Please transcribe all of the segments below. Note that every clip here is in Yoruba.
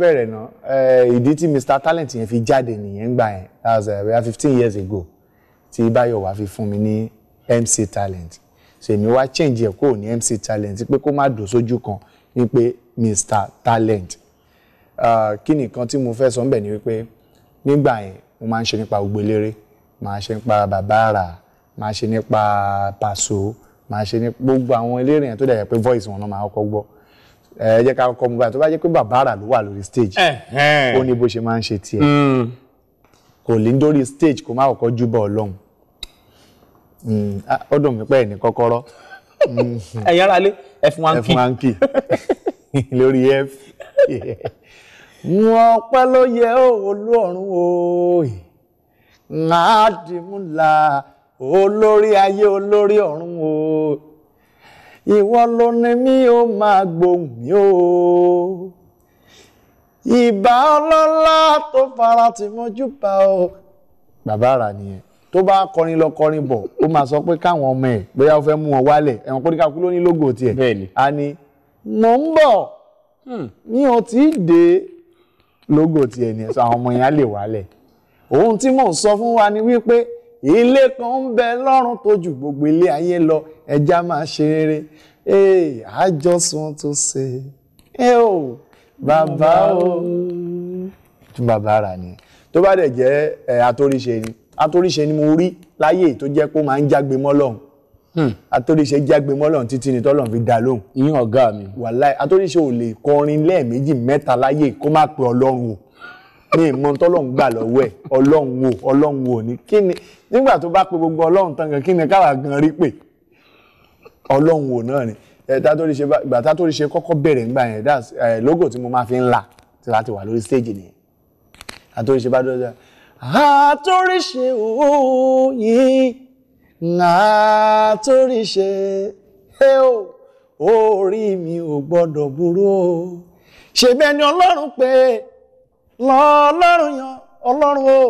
bẹ̀rẹ̀ náà eh, ìdí tí Mr Talent yẹn fi jáde nìyẹn ń gbà yẹn that's uh, eh, fifteen years ago tí Báyọ̀wá fi fún mi ní MC Talent ṣèmi wá change ẹ̀ kúrò ní MC Talent pé kó má dò sójú kan ní pé Mr Talent ah, kí nìkan tí mo fẹ́ sọ ńbẹ̀ ni wípé nígbà yẹn mo máa ń ṣe nípa gbogbo eléré máa ṣe nípa bàbá àrà máa ṣe nípa pàṣọ máa ṣe ní gbogbo àwọn eléré yẹn tó dẹ̀ pé voice wọn náà máa kọ́kọ́ gbọ́ ẹ jẹ́ ká kọ́ mu báyìí tó bá jẹ́ pé bàbá àrà ló wà lórí stage ó ní bó ṣe máa ń ṣe tiẹ̀ mm. kò lè dórí stage kó má kọ́kọ́ júbà ọlọ́run mm. ó dùn mí pé ẹ̀ ní kọ́kọ́rọ́. Mm-hmm. ẹ̀yin ará lé f1 key f1 key lórí f. wọ́n pẹ́ ló yẹ olóòórùn òòyì ńlá dìmúlà olórí ayé olórí ọ̀run òòyì ìwọ ló ní mi ó máa gbóhùn mi ó. ìbà ọlọ́lá tó fara tì mọ́jú bá ọ. bàbá àrà nìyẹn tó bá kọrin lọ kọrin bọ̀ ó máa sọ pé káwọn ọmọ ẹ̀ bóyá ó fẹ́ mú wọn wálẹ̀ ẹ̀wọ̀n kórìkà kú ló ní lógo tiẹ̀. a ní mò ń bọ̀ hmm. mi ò tí ì dé lógo tiẹ̀ ni àwọn ọmọ yẹn á lè wálẹ̀ ohun tí mò ń sọ fún wa ni wípé ilé kan ń bẹ lọ́run tó ju gbogbo ilé ayé lọ ẹja máa ṣe rere ee I just want to say ẹ o bàbá o tún bàbá rà ni tó bá dẹ̀ jẹ́ ẹ̀ atóríṣe ni atóríṣe ni mo rí láyé tó jẹ́ pé ó máa ń jágbe mọ́ lọ́hùn hmm. atóríṣe jágbe mọ́ lọ́hùn títí ni tọ́lọ́hùn fi dá lóhùn. ìyẹn ọ̀gá mi. wàláì atóríṣe ò lè kọrin lẹ́ẹ̀mejì mẹ́ta láyé kó má pe ọlọ́run o mi mọ tọ́lọ́run gbà lọ́wọ́ ẹ̀ ọlọ́run wo ọlọ́run wo ni kí ni nígbà tó bá pe gbogbo ọlọ́run tán gan kí ni káwa gan rí pé ọlọ́run wo náà ni ẹ̀ẹ́dá tó rí ṣe gbà tá tó rí ṣe kọ́kọ́ bẹ̀rẹ̀ ńgbà yẹn that's logo tí mo máa fi ń la tí láti wà lórí stage nìyẹn àtòrí ṣe bá dọ́jà àtòrí ṣe òyìn àtòrí ṣe ẹ ò orí mi ò gbọ́dọ̀ burú o ṣe bẹ́ẹ̀ ni ọlọ́run pé lọ́lọ́run yan ọlọ́run o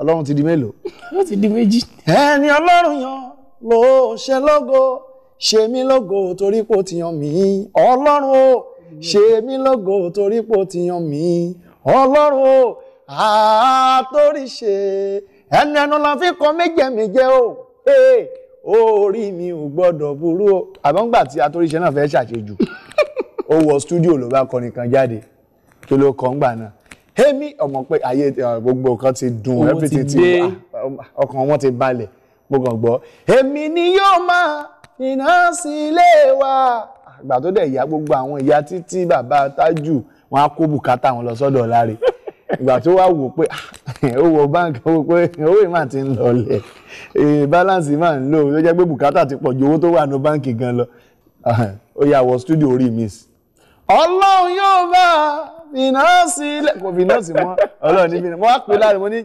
ọlọ́run ti di mélòó. wọ́n ti di méjì. ẹni ọlọ́run yan ló ṣe lógo ṣe mí lógo torí pò ti yan mí ọlọ́run o ṣe mí lógo torí pò ti yan mí ọlọ́run o àtórí ṣe ẹni ẹnu la fi kọ méjèméjẹ o orí mi ò gbọ́dọ̀ burú o àmọ́ ńgbà tí àtórí ṣe náà fẹ́ ṣàṣejù ó wọ stúdíò ló bá kọrin kan jáde tó ló kọ ńgbà náà Hemi ọmọ pé ayé gbogbo nǹkan ti dùn everything ti wà ọkàn wọn ti balẹ̀ mo kàn gbọ́ ni yóò máa iná sí ilé wa ìgbà tó dẹ̀ ya gbogbo àwọn ìyá títí bàbá tájù wọn á kó bùkátà wọn lọ sọ́dọ̀ láre ìgbà tó wá wò pé ah, ó wọ báńkì ó wò pé owó ìmá ti ń lọlẹ̀ báláǹsì máa ń lò ó jẹ́ pé bùkátà ti pọ̀ ju owó tó wà ní báńkì gan lọ ah, ó yá wọ stúdíò orí ọlọ́run yóò bá fìnọ́ọ̀sì ilẹ̀ kò fìnọ́ọ̀sì mọ́ ọlọ́run ní fìnọ́ọ̀sì mo wá pè láàrin mo ní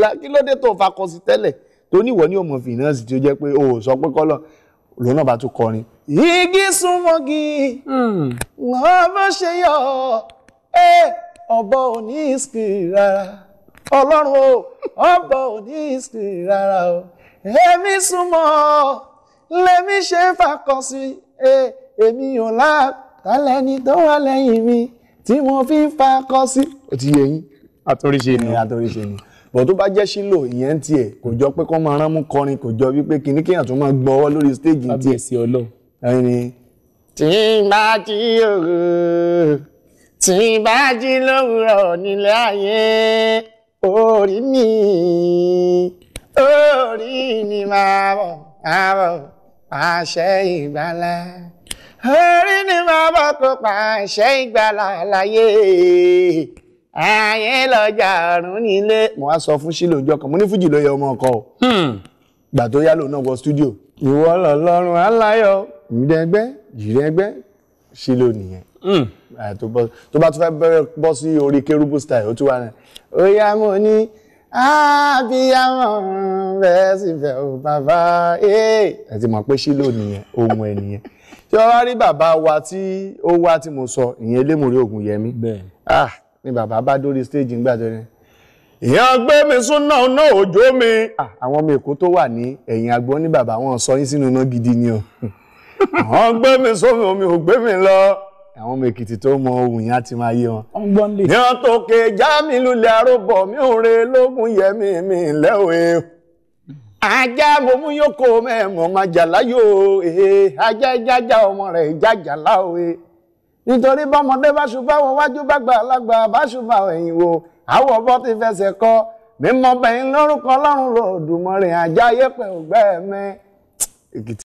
wá kí ló dé tó o fakọ sí tẹ́lẹ̀ tó ní ìwọ ní òmò fìnọ́ọ̀sì tí ó jẹ́ pé o ò sọ pé kọ́lọ̀ lòun náà bá tún kọrin. igi súnmọ́gi hmm. wọ́n bá ṣe yọ ẹ ọ̀bọ ò ní ìsìkì rárá ọlọ́run o ọ̀bọ ò ní ìsìkì rárá o èmi súnmọ́ lèmi ṣe fakọ sí èmi ò lá tálẹ́ni tó wà lẹ́yìn mi tí mo fi ń fakọ sí ó ti yẹ yín. àtòríṣe ni àtòríṣe ni bọ̀ tó bá jẹ́ sílò ìyẹn tiẹ̀ kò jọ pé kọ́ máa rán mú kọrin kò jọ wípé kìíní kéèyàn tó máa gbọ́wọ́ lórí stéèjì tiẹ̀. kábíyèsí ọlọ́run. ẹni. tí n bá jí òru tí n bá jí lówùrọ̀ nílé ayé orí mi orí mi máa bọ̀ máa bọ̀ àṣẹ ìgbàlá orí ni máa bọ́ kó pàṣẹ ìgbàlà láyé ayé lọ́jà ọ̀run nílé. mo wá sọ fún sílò ìjọ kan mo ní fújì ló yẹ ọmọ ọkọ o hmm. gbà tó yálò náà wọ stúdíò ìwọ lọ́lọ́run aláyọ̀ ìdẹ́gbẹ́ ìrẹ́gbẹ́ sílò nìyẹn hmm. tó bá tún fẹ́ bẹ̀rẹ̀ bọ́ sí orí kérúbù style ó tún wà náà ó yá mo ní àbíyámọ̀ bẹ́ẹ̀ sì fẹ́ o bàbá ẹ ti mọ̀ pé sílò nìyẹn ohun ẹ̀ nìyẹn tí wọ́n wá rí bàbá wa tí ó wá tí mo sọ ìyẹn Elémùrí Ògúnyẹmí ah ni bàbá bá dórí stage ńgbà tó ní. ìyẹn gbé mi súná náà òjò mi. Ah, àwọn ọmọ Èkó tó wà ní ẹ̀yìn agbọ́n ní bàbá wọn sọ yín sínú iná gidi ni o. àwọn gbé mi sómi omi ò gbé mi lọ àwọn ọmọ èkìtì tó mọ ohun yẹn á ti máa yé wọn. ní ọ̀tọ̀kẹ́ já mi lulẹ̀ arúbọ̀ mi ò re lógún yẹmi mi lẹ́wẹ̀ẹ́ ajá mo mú yókò mẹ́mọ̀ máa jàlá yóò ee ajá jájá ọmọ rẹ̀ jájàlá o ee nítorí bọ́mọdé bá ṣùgbọ́n àwọn wájú bá gbà lágbà bá ṣùgbọ́n àwọn ẹ̀yìn wo àwọ̀ bọ́ ti fẹsẹ̀ kọ́ mímọ́ bẹ̀yìn lórúkọ ọlọ́run lòdùmọ̀rìn ajá yẹpẹ̀ ògbẹ́ mi.